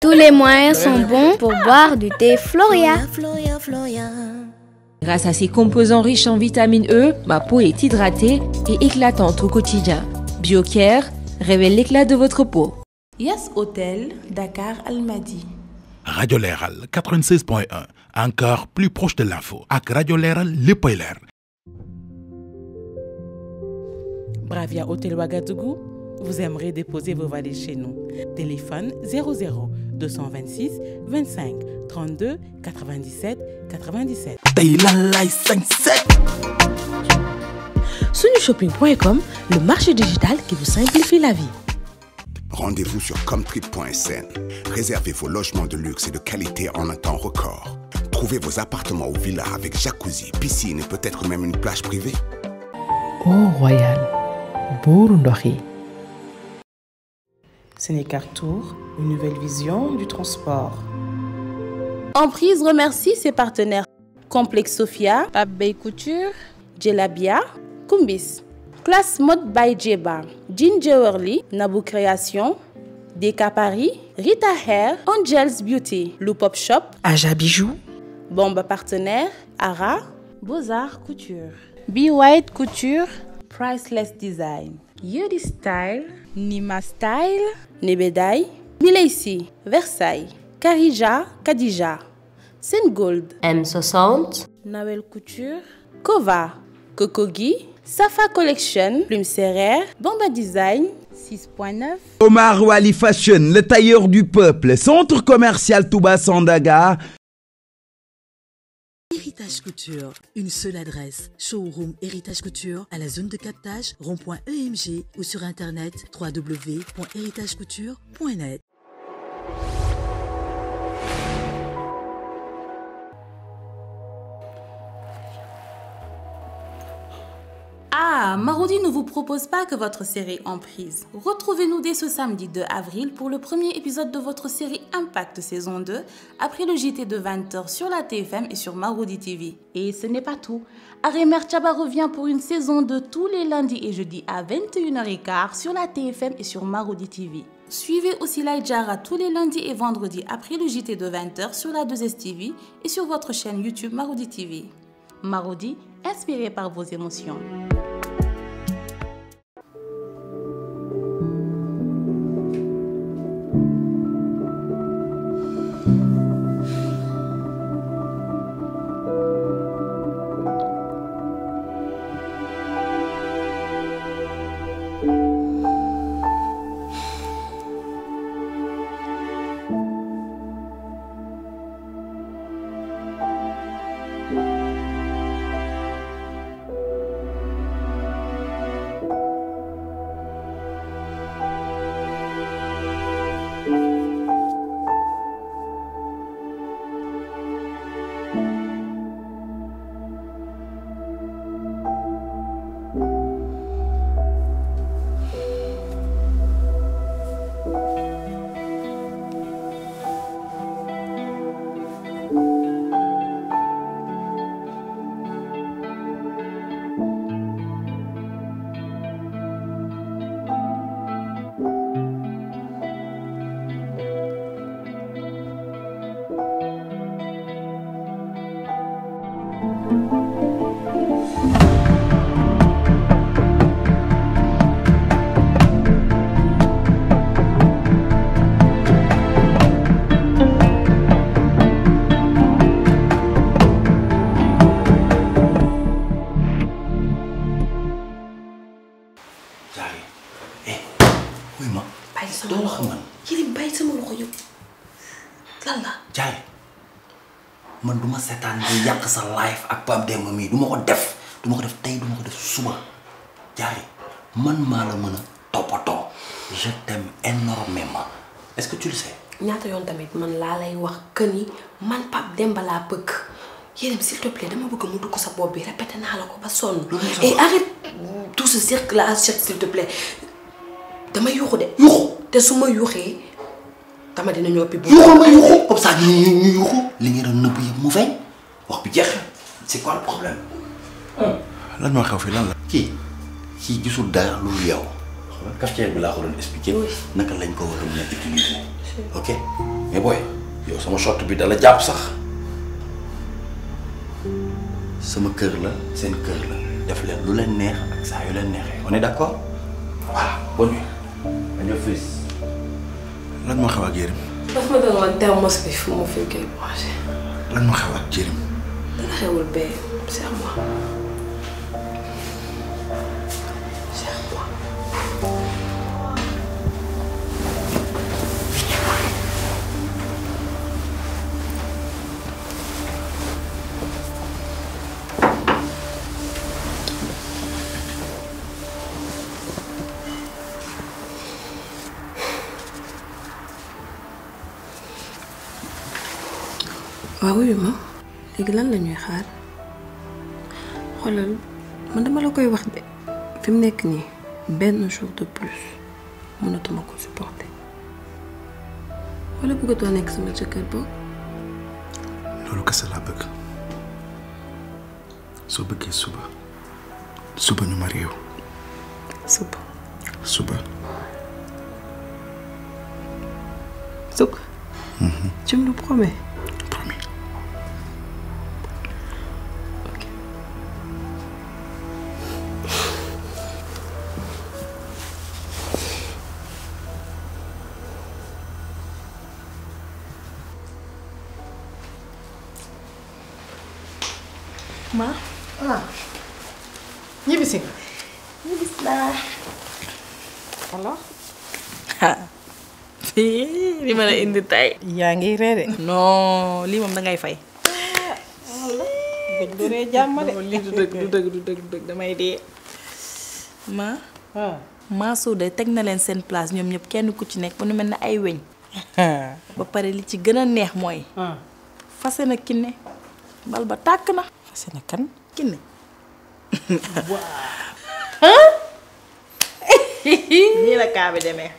Tous les moyens sont bons pour boire du thé Floria. Grâce à ses composants riches en vitamine E, ma peau est hydratée et éclatante au quotidien. BioCare révèle l'éclat de votre peau. Yes Hotel, Dakar Almadi. Radio Leral 96.1, encore plus proche de l'info. Avec Radio Leral, le Bravia Hotel Ouagadougou, vous aimerez déposer vos valises chez nous. Téléphone 00 226 25 32 97 97. Shopping.com le marché digital qui vous simplifie la vie. Rendez-vous sur comtrip.sn. Réservez vos logements de luxe et de qualité en un temps record. Trouvez vos appartements ou villas avec jacuzzi, piscine et peut-être même une plage privée. Au oh, Royal, Burundi. Sénécar Tour, une nouvelle vision du transport. Emprise remercie ses partenaires Complexe Sofia, Pape Couture, Jelabia, Kumbis. Classe Mode by Jeba, Jean Jewerly, Nabu Création, Deka Paris, Rita Hair, Angels Beauty, Loupop Shop, Aja Bijoux, Bomba Partenaire, Ara, Beaux-Arts Couture, Be White Couture, Priceless Design, Yudi Style, Nima Style, Nebedaï, Mileisi, Versailles, Karija Kadija, Sengold, M60, Nawel Couture, Kova, Kokogi, Safa Collection, Plume Serrère, Bomba Design, 6.9. Omar Wali Fashion, le tailleur du peuple, centre commercial Touba Sandaga, Couture. Une seule adresse. Showroom Héritage Couture à la zone de captage rond.emg ou sur internet www.héritagecouture.net. Ah, Marodi ne vous propose pas que votre série en prise. Retrouvez-nous dès ce samedi 2 avril pour le premier épisode de votre série Impact saison 2, après le JT de 20h sur la TFM et sur Marodi TV. Et ce n'est pas tout. Arémer Chaba revient pour une saison 2 tous les lundis et jeudis à 21h15 sur la TFM et sur Marodi TV. Suivez aussi Jara tous les lundis et vendredis après le JT de 20h sur la 2S TV et sur votre chaîne YouTube Marodi TV. Marodi, inspiré par vos émotions. yoon tamit man la lay wax que ni man pap Demba la peuk yéen s'il te plaît dama bëgg mu dugg sa bopp bi répété na la ko ba son et arrête tout ce cirque là s'il te plaît dama yuxu de. yuxu te suma yuxé dama dina bu yuuxu ma yuxu comme ça ñi ñi yuxu li ngeen doon nëbb yëpp mu fay wax bi jeex c'est quoi le problème. Ah. lan moo xew fi lan la. ki ki gisul dara lu yow. kafteer bi la ko doon expliquer naka lañ ko war a utiliser. ok mais booy yow sama sot bi dala jàpp sax sama kër la seen kër la def leen lu leen neex ak saa yu leen neexee on est d'accord voilà bonne nuit. adieu fils. moo xew ak Yérim. daf ma doon moo xew ak Yérim. dana xewul bee c'est moi. waaw oui léegi la ñuy xaar man dama la koy wax de fi Je nekk nii jour de plus ko supporter wala bëggatoo nekk sama jëkkër Je loolu laa bëgg soo bëggee suba suba ñu mhm. tu me le promets. ma waaw ah. ñibbisi nga ñibbis naa alors fii li ma la indi tey yaa ngi reere non lii moom da ngay fay gëj dëree jàmm de lii du Ma, du dëgg du dëgg du damay dee ma Ma maasoo de teg na leen seen place ñoom ñëpp kenn ku ci nekk ba nu mel ne ay weñ ba pare li ci gën a neex mooy fase na kinne bal ba tàkk na seen kan kinne Wah, nii la kabe bi demee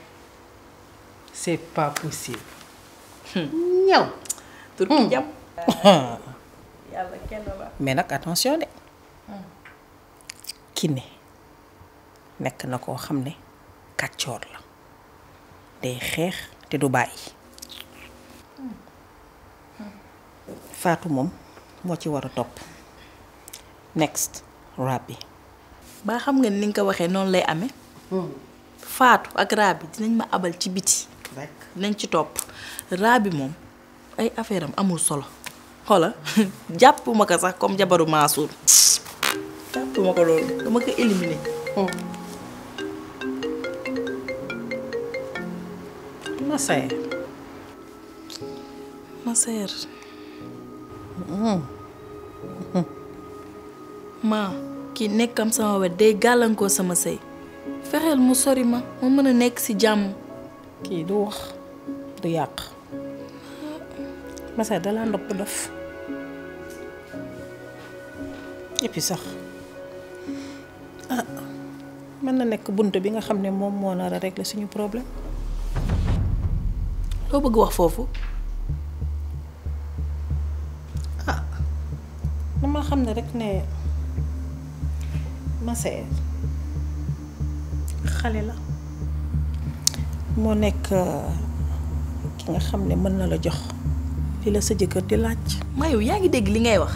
c'est pas possible ñëw turki jam yàlla kenn la mais attention de kinne nekk na koo xam ne kàccoor la day xeex te du bàyyi faatu moom moo ci next Rabi. baa xam nga ni nga ko waxee noonu lay ame hmm. Faatu ak Rabi dinañ ma abal ci biti. dinañ ci topp Rabi moom ay affaire am amul solo. xoola jàppuma ko sax comme jabaru Mansour jàppuma ko loolu dama ko éliminer. Massaer. Massaer. ma ki nekkam sama wet day gàllankoo sama sëy fexeel mu sori ma ma mën a nekk ci jàmm. kii du wax du yàq Massa dalaa ndopp dof et puis sax ah mën na nekk bunt bi nga xam ne moom moo nar a régler suñu problème. loo bëgg wax foofu. ah dama xam ne rek ne. Massaer xale la moo nekk ki nga xam ne mën na la jox li la sa jëkkër di laaj maa yow yaa ngi dégg li ngay wax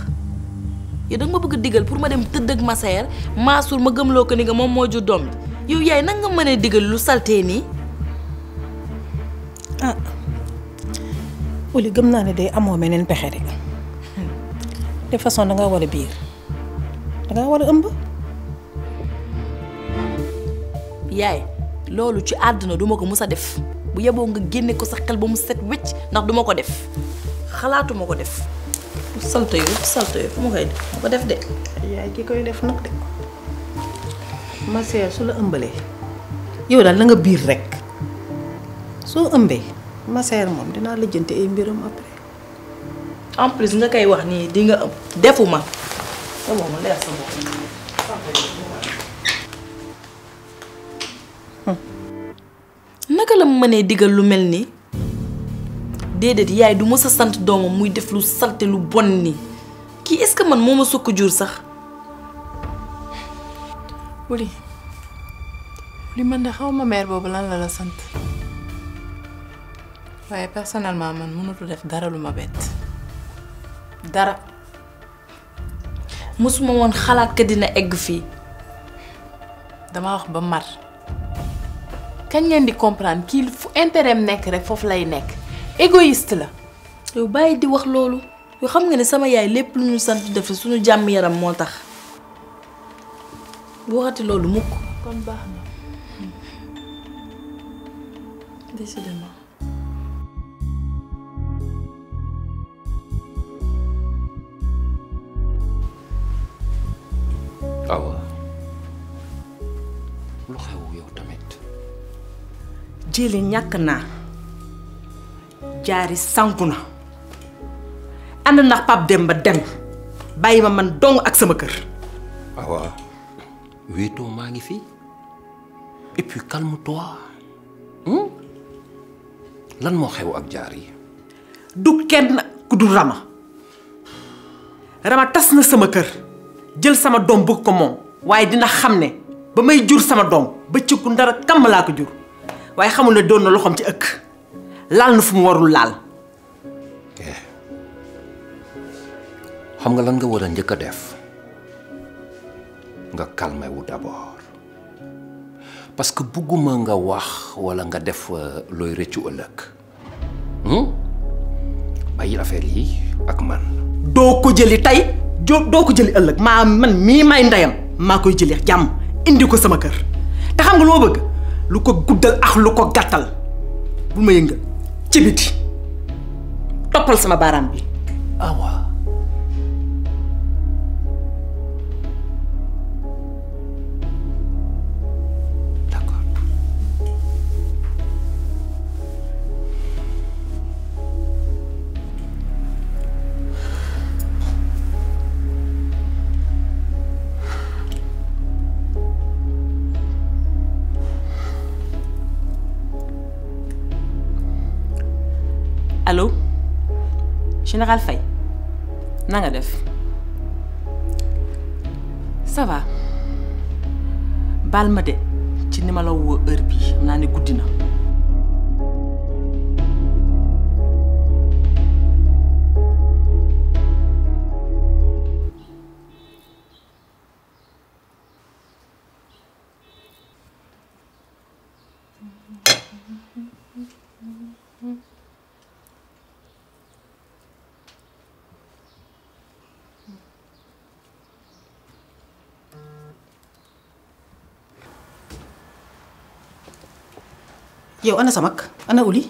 yow danga ma bëgg digal pour ma dem tëdd ak Massaer Mansour ma gëmloo ko ni nga moom moo jur doom yow yaay nan nga mën a lu saltee nii ah Oly gëm naa ne day amoo meneen pexe de de façon danga war a yaay loolu ci àdduna duma ko mus a def bu yeboo nga génne ko sa xel ba mu set wecc ndax duma ko def xalaatuma ko def. salte yooyu salte yooyu fu ma koy def ma ko def de. koy def nag de su la ëmbalee yow daal la nga biir rek soo ëmbee ma seer moom dinaa lijjanti ay mbiram après. en plus nga koy wax nii di nga ëmb defu ma. leer sa bopp. mu mënee digal lu mel nii déedéet yaay du mës a sant doomam muy def lu salte lu bon nii kii est-ce que man moo ma sukk jur sax. wuli li man de xaw ma mère boobu lan la la sant waaye personnellement man mënatu def dara lu ma bett dara mësuma woon xalaat ka dina egg fii dama wax ba mar. kañ ngeen di comprendre qu'il faut intérêt nek rek égoïste la. yow di wax xam nga ne sama yaay lepp lu ñu sant def suñu jamm yaram tax waxati mukk jéele ñàkk naa jaari sanku na ànd na Pape Demba dem bàyyi ma man dong ak sama kër awa wéetoo maa ngi fi et puis calme-toi hmm? lan moo xew ak jaar yi du kenn ku dul Rama Rama tas na sama kër jël sama doom bëgg ko moom waaye dina xam ne ba may jur sama doom bëccëgu ndara kàmm laa ko jur waye xamul ne doon na loxom ci ëkk lal na fu mu warul lal. Eh. xam nga lan nga wara ñëk def nga calmé wu d'abord parce que bëgguma nga wax wala nga def euh, looy rëccu ëllëg hmm? bàyyi affaire yi ak man. do ko jëli tey do ko jëli ëlëk ma man mi may ndayam ma koy jëli jam indi ko sama kër ta xam nga lo bëgg. lu ko guddal ak lu ko gàttal bu ma yëngal ci biti toppal sama baaraam bi ah, général Faye na nga def ça va baal ma ci ni la woo heure yow ana sa mag ana uli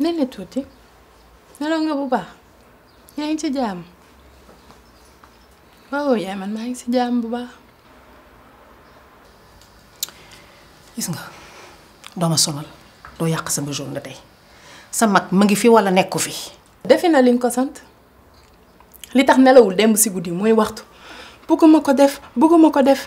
ne tuuti nelaw nga bu baax yaa ngi ci jàmm waaw yaay man maa ngi ci jàmm bu baax gis nga doo ma sonal doo yàq sama journée tey sa mag ma ngi fi walla nekku fi defe na li nga ko sant li tax nelawul démb ci guddi mooy waxtu bugguma ko def bugguma ko def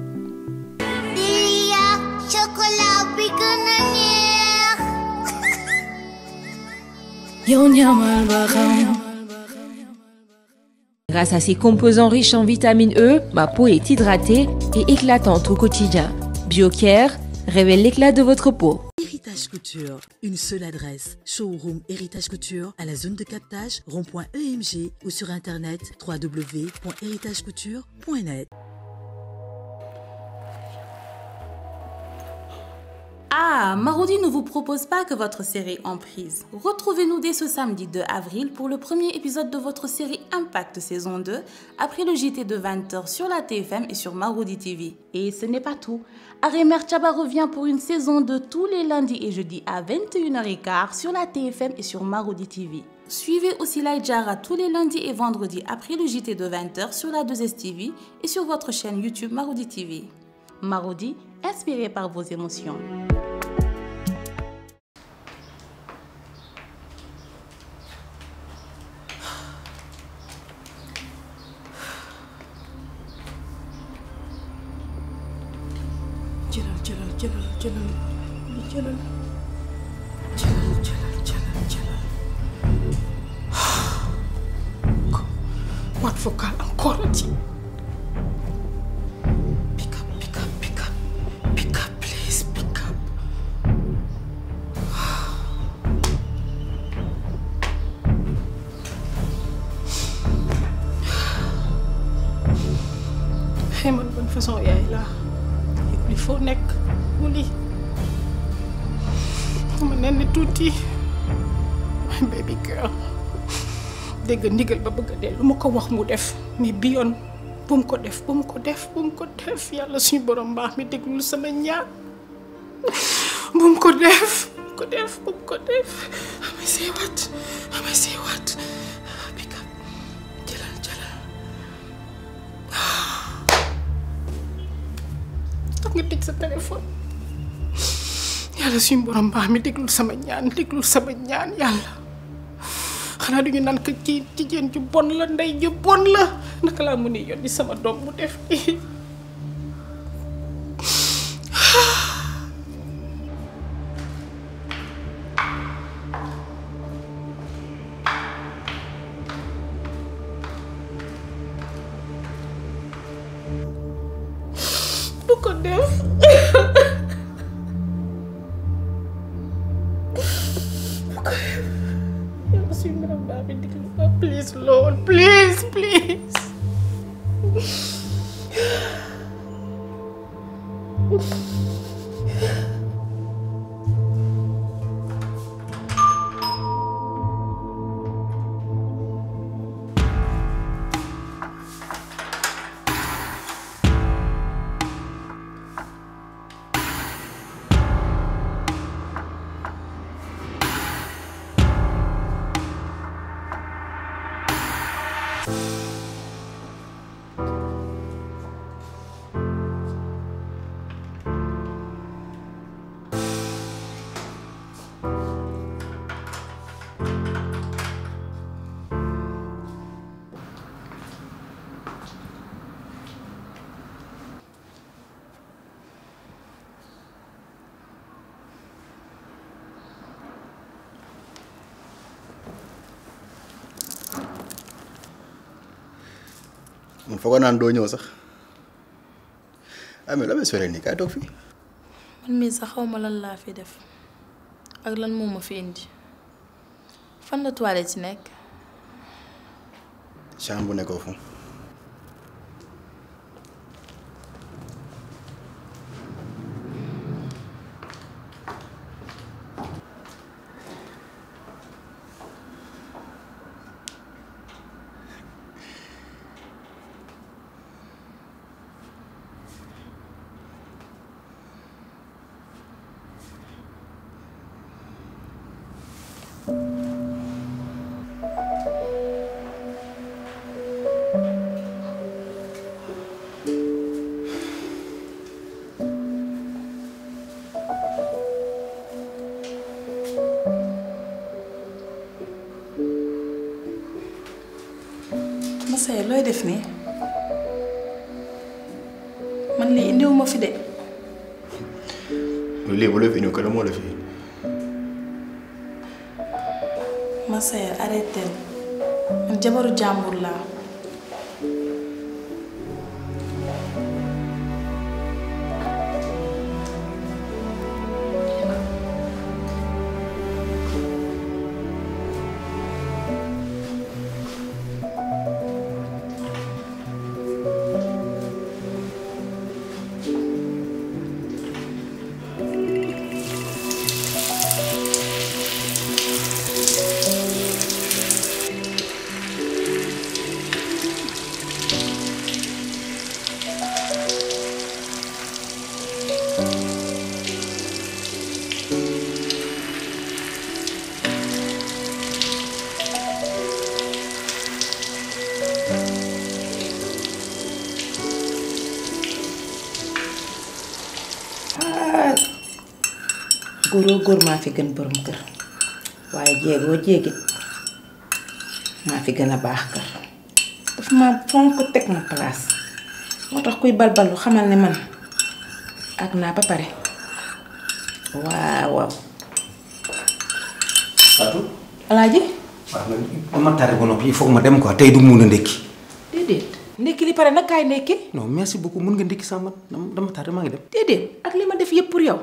Grâce à ses composants riches en vitamine E, ma peau est hydratée et éclatante au quotidien. BioCare révèle l'éclat de votre peau. Héritage Couture, une seule adresse. Showroom Héritage Couture à la zone de captage rond.emg ou sur internet www.héritagecouture.net. Ah, Maroudi ne vous propose pas que votre série Emprise. Retrouvez-nous dès ce samedi 2 avril pour le premier épisode de votre série Impact saison 2, après le JT de 20h sur la TFM et sur Maroudi TV. Et ce n'est pas tout. Arémer Chaba revient pour une saison 2 tous les lundis et jeudis à 21h15 sur la TFM et sur Maroudi TV. Suivez aussi Jara tous les lundis et vendredis après le JT de 20h sur la 2 s TV et sur votre chaîne YouTube Maroudi TV. Marodi, inspiré par vos émotions. xëy man ban façon yaay laa li foo nekk mu li ma nen tuuti baby girl dégg ndigal ba bëgg a lu ma ko wax mu def mais bi bu mu ko def bu mu ko def bu mu ko def yàlla suñu borom mbaax mi déglul sama ñaar bu mu ko def bu mu ko def bu mu ko def amay see wat amay see wat fa yàlla suñu borom baax mi déglul sama ñaan déglul sama ñaan yàlla xanaa duñu naan ko ci jigéen ju bon la ndey ju bon la naka laa mën a yónni sama doom mu def nii 子です foogoo naan doo ñëw sax ah la may soree nii kaay toog fii. man mii sax xaw ma lan laa fi def ak lan moo ma fi indi fan la toilette ci nekk. chambre bu nekkoo fu. Ndiaye looy def nii man lii indiwu ma fi de. lii bu la fi ñëw kanam moo la fi. Massaye arrêté jabaru jàmbur laa. góoroo gor ma fi gën borom kër waaye jéegoo jéegit maa fi gën a baax kër daf ma fonk teg na place moo tax kuy balbalu xamal ne man ak naa ba pare waaw waaw Fatou alaaji waaw man tare ba noppi il faut ma dem quoi tey du mun a ndékki déedéet ndékki li pare nag kaay ndékki non merci beaucoup mun nga ndékki sama man dama tare maa ngi dem déedéet ak li ma def yëpp pour yow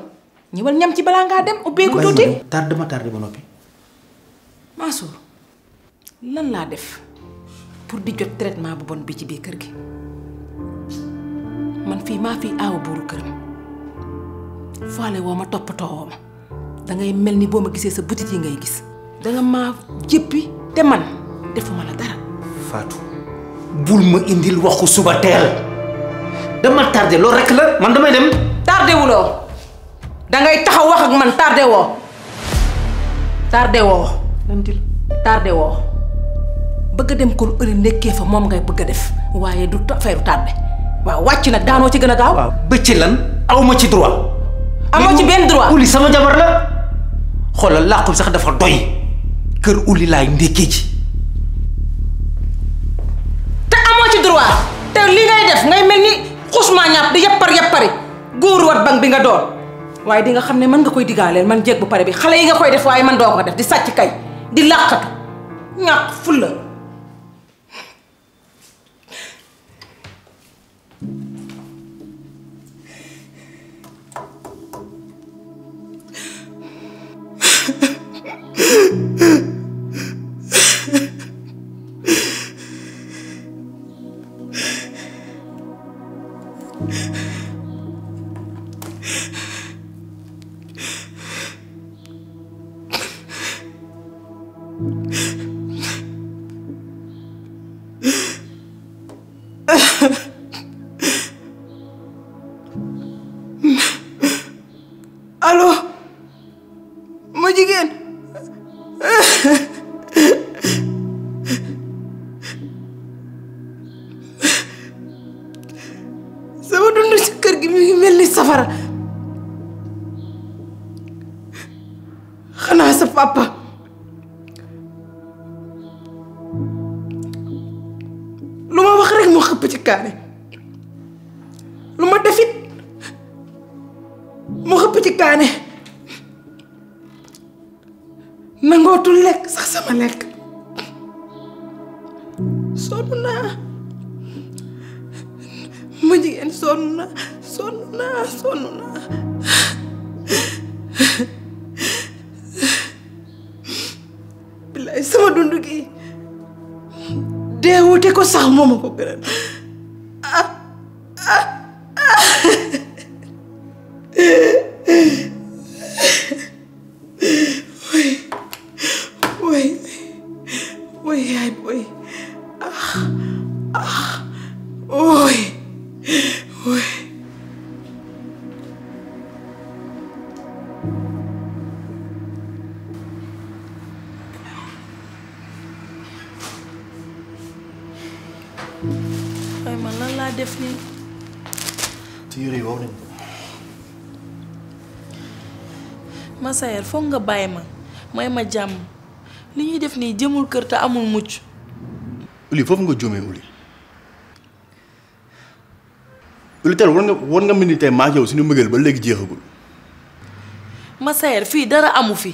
ñëwal ñam ci bala nga dem ubbeeku tuti tardé ma tardé ma nopi Mansour lan la def pour di jot traitement bu bon bi ci bi kër gi man fi ma fi aaw buru këram faale wo ma toppatoo woo ma da ngay melni bo ma gisee sa boutique yi ngay gis nga ma jëppi te man defuma la dara Fatou bul ma indil waxu suba tel dama tardé lo rek la man damay dem tardé wulo ngay taxaw wax ak man tardé wo. tardé wo. lentil tardé wo. bëgg dem ko ëri nekké fa mom ngay bëgg def Wayé du affaire tardé Wa wacc nag daano ci gëna gaaw bëcc lan awma ci droit Amo ci ben droit uli sama jabar la xoolal làqum sax dafa doy kër uli lay ndekkee ci. Ta amo ci droit te li ngay def ngay melni ni xusmaa di yappar yappari góor wat bang bi nga doon waaye di nga xam ne mën nga koy digaaleel man jéeg bu pare bi yi nga koy def waaye man doo ko def di sàcc kay di làqatu ñàkk fulla Yeah. una, naa una. Bila billaay sama dund gi dee wute ko sax foog nga bàyyi ma may ma jàmm li ñuy def nii jëmul kër te amul mucc. Uli foofu nga juumee Uli Uli tey war nga war nga mën ni tey maa suñu mbëggeel ba léegi jeexagul. Massaer fii dara amu fi.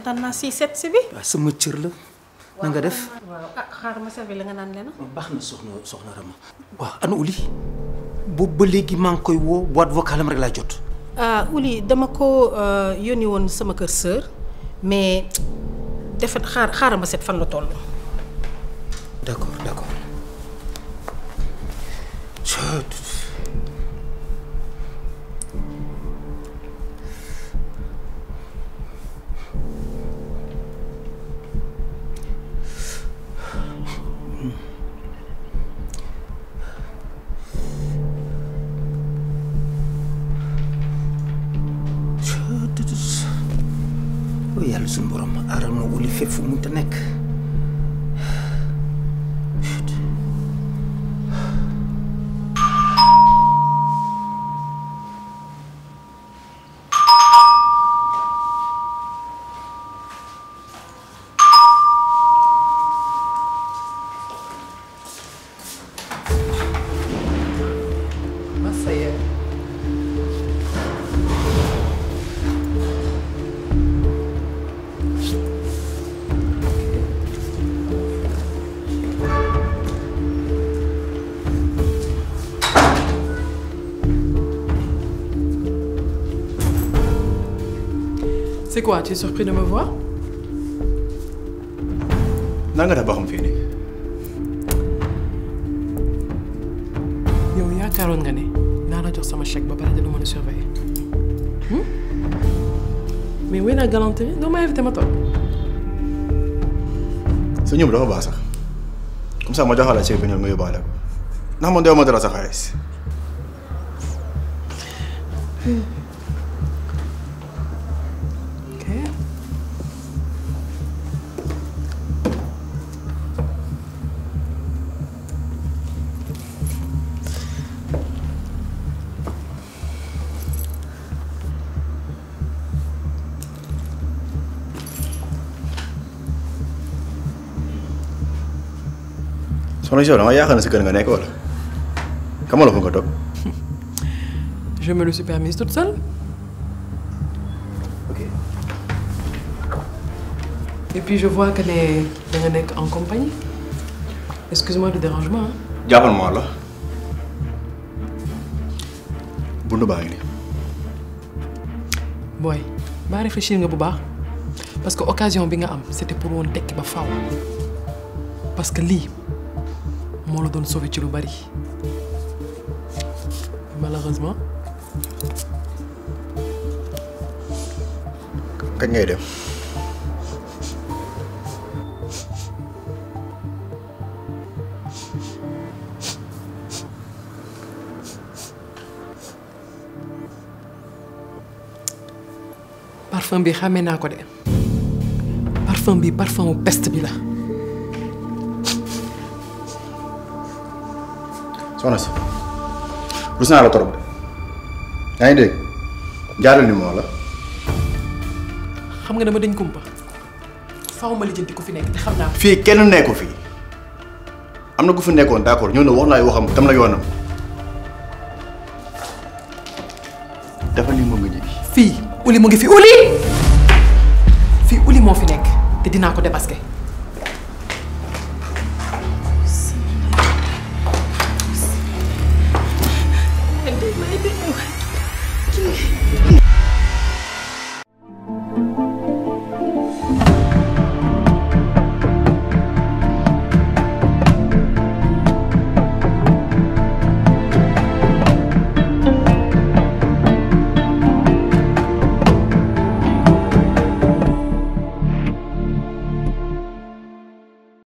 tan na si set si bi. waaw sama cër la na nga def. waaw ah xaaral ma servir la nga naan leen. baax na soxna soxna Rama. Anu uli boobu ba léegi maa ngi koy wo boîte vocale rek jot. ah eh, Uli dama ko eh, yoni won sama kër sœur mais defet xaar xaaral ma seet fan la toll. d' accord yàlla suñu borom aaral ma wuli fépp fu munta nekk C'est quoi, tu es surpris de me voir Lan tu tabaxam fii nii. yow jox sama chèque ba de hmm? mais oui, la galanterie, non mais ma dafa sax comme ça ma la chèque Je je ko ndax man suis ma dara Jamono si yow dama yaakaar ne sa kër nga nekk wala kamala ko nga je me le suis permise toute seule. ok. et puis je vois que les da nga nekk en compagnie. excuse-moi du dérangement ah. moi, là. la. bundu Boy, ngi nii. réfléchir nga bu baax parce que occasion bi nga am c'était pour woon tekki ba faaw parce que lii. moo la doon sauvé ci lu bari malheureusement. kañ ngay dem. parfum bi xàmmee na ko de parfum bi parfum peste bi la. soxna si rus naa la torop de yaa ngi dégg jaaral ni moo la. xam nga dama dañ kumpa faaw ma lijjanti ku fi nekk te xam naa. fii kenn nekku fi am na ku fi nekkoon d'accord ñëw na wax naa waxam tam la yoonam dafa ni moom nga jëgi fii uli mu fi uli fii uli moo fi nekk te dinaa ko démasquer.